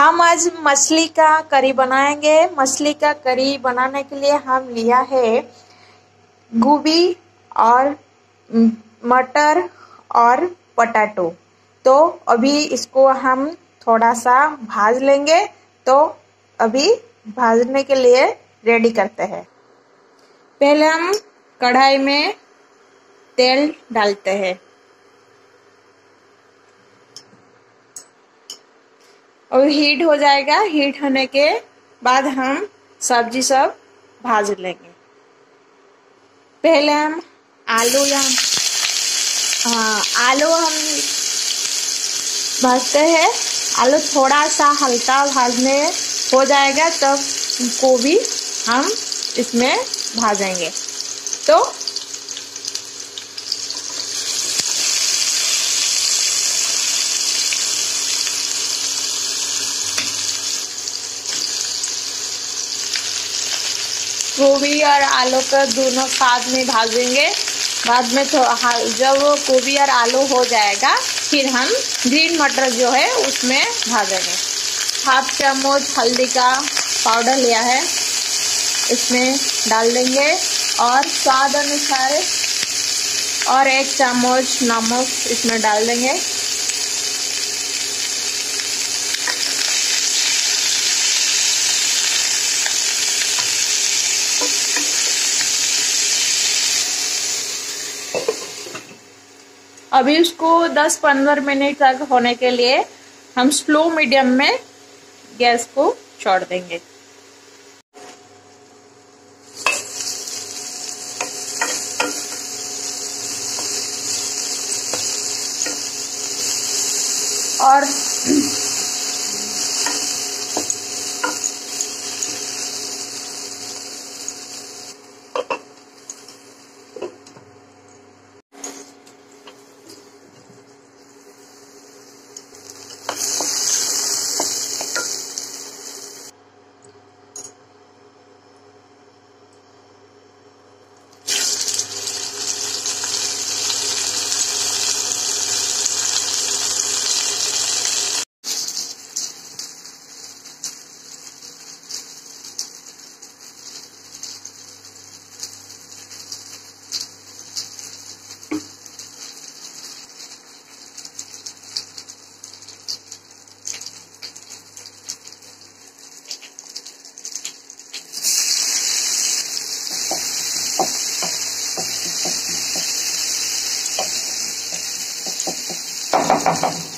हम आज मछली का करी बनाएंगे मछली का करी बनाने के लिए हम लिया है गोभी और मटर और पटाटो तो अभी इसको हम थोड़ा सा भाज लेंगे तो अभी भाजने के लिए रेडी करते हैं पहले हम कढ़ाई में तेल डालते हैं और हीट हो जाएगा हीट होने के बाद हम सब्जी सब भाज लेंगे पहले हम आलू या हाँ आलू हम भाजते हैं आलू थोड़ा सा हल्का भाजने हो जाएगा तब गोभी हम इसमें भाजेंगे तो गोभी और आलू का दोनों साथ में भाजेंगे बाद में तो जब गोभी और आलू हो जाएगा फिर हम ग्रीन मटर जो है उसमें भाजेंगे हाफ चम्मच हल्दी का पाउडर लिया है इसमें डाल देंगे और स्वाद अनुसार और एक चम्मच नमक इसमें डाल देंगे अभी उसको 10-15 मिनट तक होने के लिए हम स्लो मीडियम में गैस को छोड़ देंगे और Ha, ha, ha.